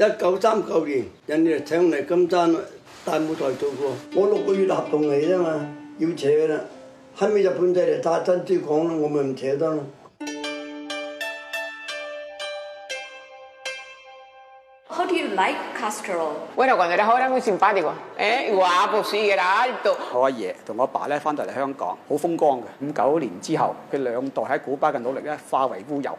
一九三九年，人哋就請我嚟金山大舞台做過。我六個月合同嚟啫嘛，要扯啦。係咪日本仔嚟打珍珠港咯，我咪唔扯得咯。How do you like Castro？喂，老人家好啊，好善諧啲喎。誒，話噃，雖然係大度。我阿爺同我阿爸咧翻到嚟香港，好風光嘅。咁九年之後，佢兩代喺古巴嘅努力咧化為烏有。